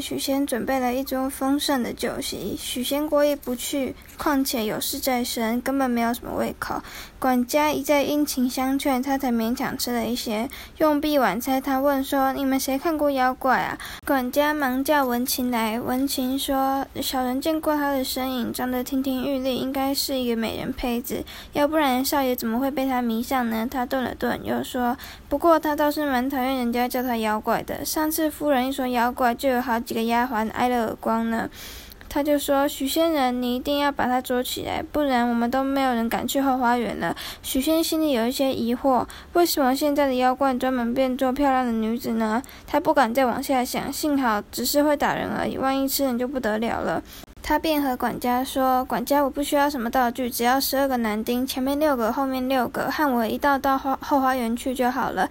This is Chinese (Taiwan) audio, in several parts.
許仙準備了一桌豐盛的酒席，許仙過意不去，況且有事在身，根本沒有什麼胃口。管家一再殷勤相勸，他才勉強吃了一些。用畢晚餐，他問說：“你們誰看過妖怪啊？”管家忙叫文琴來。文琴說：“小人見過他的身影，長得亭亭玉立，應該是一個美人胚子。要不然少爺怎麼會被他迷上呢？”他頓了頓，又說：“不過他倒是蠻討厭人家叫他妖怪的。上次夫人一說妖怪，就有好幾。”幾個丫鬟捱了耳光呢，他就說：“許仙人，你一定要把他捉起來，不然我們都沒有人敢去後花園了。”許仙心裡有一些疑惑，為什麼現在的妖怪專門變作漂亮的女子呢？他不敢再往下想，幸好只是會打人而已，萬一吃人就不得了了。他便和管家說：“管家，我不需要什麼道具，只要十二個男丁，前面六個，後面六個，和我一道到後花園去就好了。”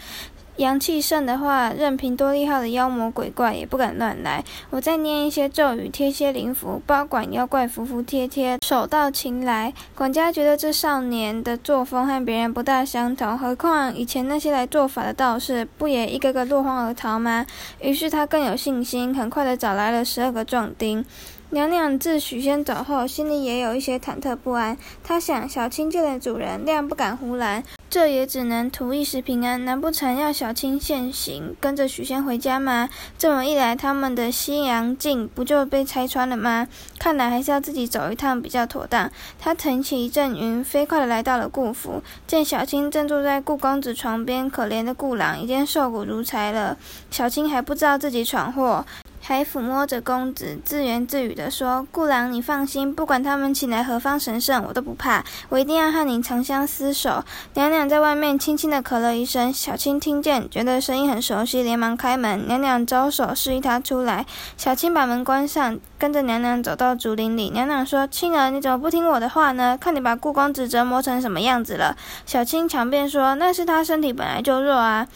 陽氣盛的話，任憑多厲害的妖魔鬼怪也不敢亂來。我再念一些咒語，貼些靈符，包管妖怪服服帖帖，手到擒來。管家覺得這少年的作風和別人不大相同，何況以前那些來做法的道士不也一個個個落荒而逃嗎？於是他更有信心，很快的找來了十二個壯丁。娘娘自許仙走後，心裡也有一些忐忑不安。她想，小青見了主人，諒不敢胡來。這也只能圖一時平安，難不成要小青現形，跟着許仙回家嗎？這麼一來，他們的西洋鏡不就被拆穿了嗎？看來還是要自己走一趟比較妥當。他騰起一陣雲，飛快地來到了顧府，見小青正坐在顧公子床邊，可憐的顧郎已經瘦骨如柴了。小青還不知道自己闖禍。還撫摸着公子，自言自語地說：“顧郎，你放心，不管他們請來何方神聖，我都不怕。我一定要和你長相厮守。”娘娘在外面輕輕地咳了一聲，小青聽見，覺得聲音很熟悉，連忙開門。娘娘招手示意她出來。小青把門關上，跟着娘娘走到竹林裡。娘娘說：“青兒，你怎麼不聽我的話呢？看你把顧公子折磨成什麼樣子了。”小青強辯說：“那是他身體本來就弱啊。”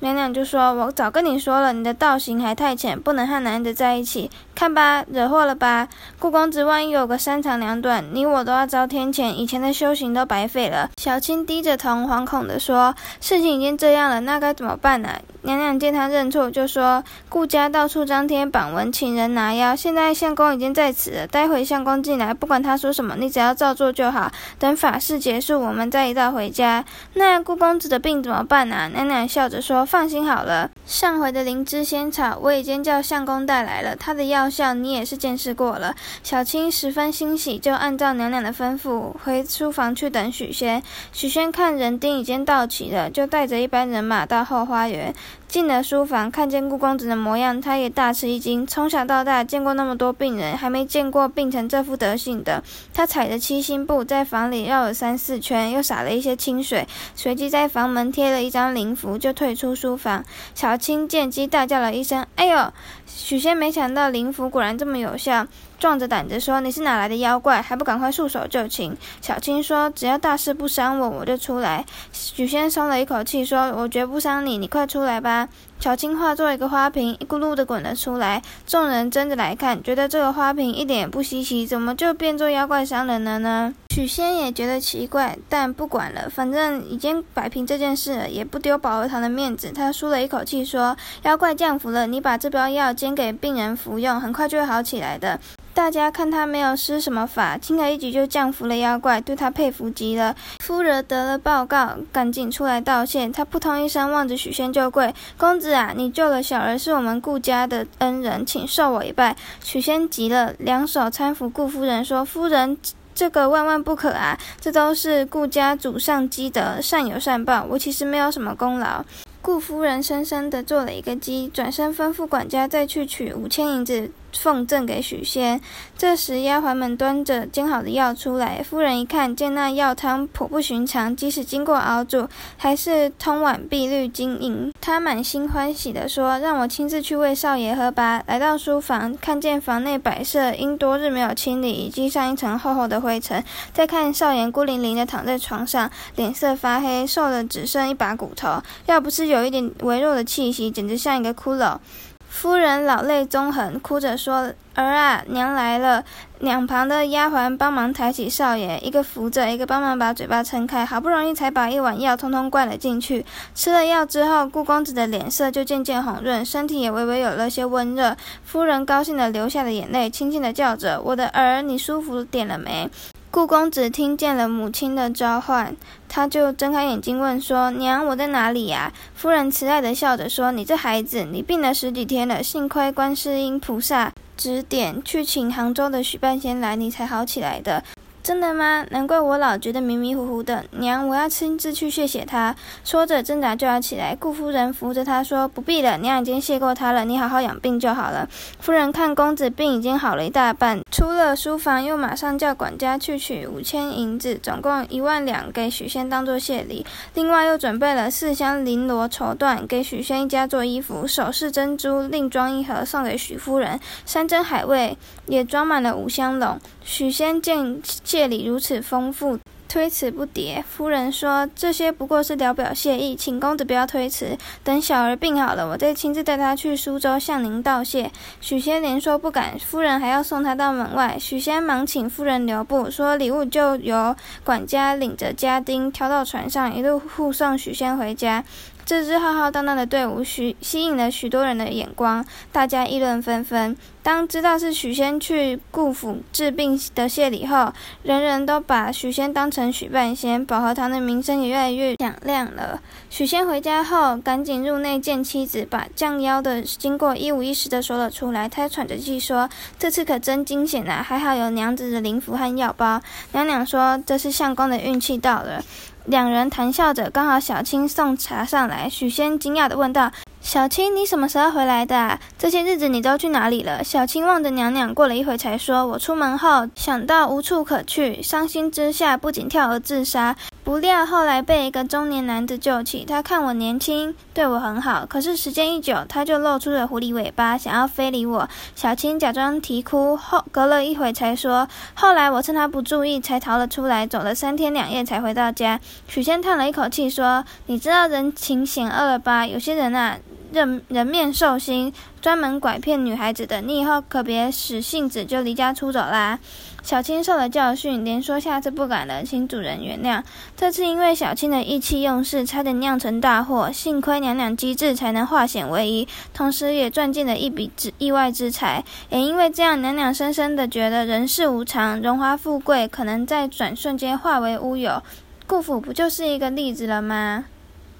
娘娘就說：“我早跟你說了，你的道行還太淺，不能和男的在一起。看吧，惹禍了吧？顧公子萬一有個三長兩短，你我都要遭天譴，以前的修行都白費了。”小青低着頭，惶恐地說：“事情已經這樣了，那該怎麼辦呢、啊？”娘娘見她認錯，就說：“顧家到處張貼榜文，請人拿妖。現在相公已經在此了，待會相公進來，不管他說什麼，你只要照做就好。等法事結束，我們再一道回家。那顧公子的病怎麼辦呢、啊？”娘娘笑着說。放心好了。上回的靈芝仙草，我已經叫相公帶來了。他的藥效你也是見識過了。小青十分欣喜，就按照娘娘的吩咐回書房去等許仙。許仙看人丁已經到齊了，就帶着一班人馬到後花園。進了書房，看見顧公子的模樣，他也大吃一驚。從小到大見過那麼多病人，還沒見過病成這副德行的。他踩着七星步在房裡繞了三四圈，又灑了一些清水，隨即在房門貼了一張靈符，就退出書房。小。小青見機大叫了一聲：“哎呦！”許仙沒想到靈符果然這麼有效，壯着膽子說：“你是哪來的妖怪？還不趕快束手就擒？”小青說：“只要大師不傷我，我就出來。”許仙鬆了一口氣說：“我絕不傷你，你快出來吧。”小青化作一個花瓶，一咕嚕的滾了出來。眾人爭着來看，覺得這個花瓶一點也不稀奇，怎麼就變作妖怪傷人了呢？許仙也覺得奇怪，但不管了，反正已經擺平這件事了，也不丟保和堂的面子。他舒了一口氣，說：“妖怪降服了，你把這包藥煎給病人服用，很快就會好起來的。”大家看他沒有施什麼法，輕而易舉就降服了妖怪，對他佩服極了。夫人得了報告，趕緊出來道歉。他撲通一聲，望着許仙就跪：“公子啊，你救了小兒，是我們顧家的恩人，請受我一拜。”許仙急了，兩手攙扶顧夫人，說：“夫人。”這個萬萬不可啊！這都是顧家祖上積德，善有善報，我其實沒有什麼功勞。顧夫人深深地做了一個揖，轉身吩咐管家再去取五千銀子奉贈給許仙。這時，丫鬟們端着煎好的藥出來，夫人一看，見那藥湯頗不尋常，即使經過熬煮，還是通碗碧綠晶瑩。她滿心歡喜地說：“讓我親自去餵少爺喝吧。”來到書房，看見房內擺設因多日沒有清理，已積上一層厚厚的灰塵。再看少爺孤零零地躺在床上，臉色發黑，瘦得只剩一把骨頭。要不是有有一點微弱的氣息，簡直像一個骷髏。夫人老淚縱橫，哭着說：“兒啊，娘來了。”兩旁的丫鬟幫忙抬起少爺，一個扶着，一個幫忙把嘴巴撐開，好不容易才把一碗藥通通灌了進去。吃了藥之後，顧公子的臉色就漸漸紅潤，身體也微微有了些溫熱。夫人高興地流下了眼淚，輕輕地叫着：“我的兒，你舒服點了沒？”顧公子聽見了母親的召喚，他就睜開眼睛問說：“娘，我在哪裡呀？”夫人慈愛的笑着說：“你這孩子，你病了十幾天了，幸虧觀世音菩薩指點去請杭州的許半仙來，你才好起來的。”真的嗎？難怪我老覺得迷迷糊糊的。娘，我要親自去謝謝他。說着掙扎就要起來，顧夫人扶着她說：“不必了，娘已經謝過他了，你好好養病就好了。”夫人看公子病已經好了一大半，出了書房又馬上叫管家去取五千銀子，總共一萬兩給許仙當做謝禮，另外又準備了四箱綾羅綢緞給許仙一家做衣服，首飾珍珠另裝一盒送給許夫人，山珍海味也裝滿了五箱籠。許仙見謝禮如此豐富，推辭不迭。夫人說：“這些不過是聊表謝意，請公子不要推辭。等小兒病好了，我再親自帶他去蘇州向您道謝。”許仙連說不敢。夫人還要送他到門外，許仙忙請夫人留步，說禮物就由管家領着家丁挑到船上，一路護送許仙回家。這支浩浩蕩蕩的隊伍吸吸引了許多人的眼光，大家議論紛紛。當知道是許仙去顧府治病的謝禮後，人人都把許仙當成許半仙，保和堂的名聲也越來越響亮了。許仙回家後，趕緊入內見妻子，把降妖的經過一五一十的說了出來。他喘着氣說：“這次可真驚險吶、啊，還好有娘子的靈符和藥包。”娘娘說：“這是相公的運氣到了。”兩人談笑着，剛好小青送茶上來。許仙驚訝地問道：“小青，你什麼時候回來的啊？這些日子你都去哪裡了？”小青望着娘娘，過了一會才說：“我出門後想到無處可去，傷心之下，不僅跳河自殺。”不料後來被一個中年男子救起，他看我年輕，對我很好。可是時間一久，他就露出了狐狸尾巴，想要非禮我。小青假裝啼哭，後隔了一會才說：“後來我趁他不注意，才逃了出來，走了三天兩夜才回到家。”許仙嘆了一口氣說：“你知道人情險惡了吧？有些人啊。”人人面獸心，專門拐騙女孩子的，你以後可別使性子就離家出走啦。小青受了教訓，連說下次不敢了，請主人原諒。這次因為小青的意氣用事，差點釀成大禍，幸虧娘娘機智，才能化險為夷，同時也賺進了一筆意外之財。也因為這樣，娘娘深深的覺得人世無常，榮華富貴可能在轉瞬間化為烏有。顧府不就是一個例子了嗎？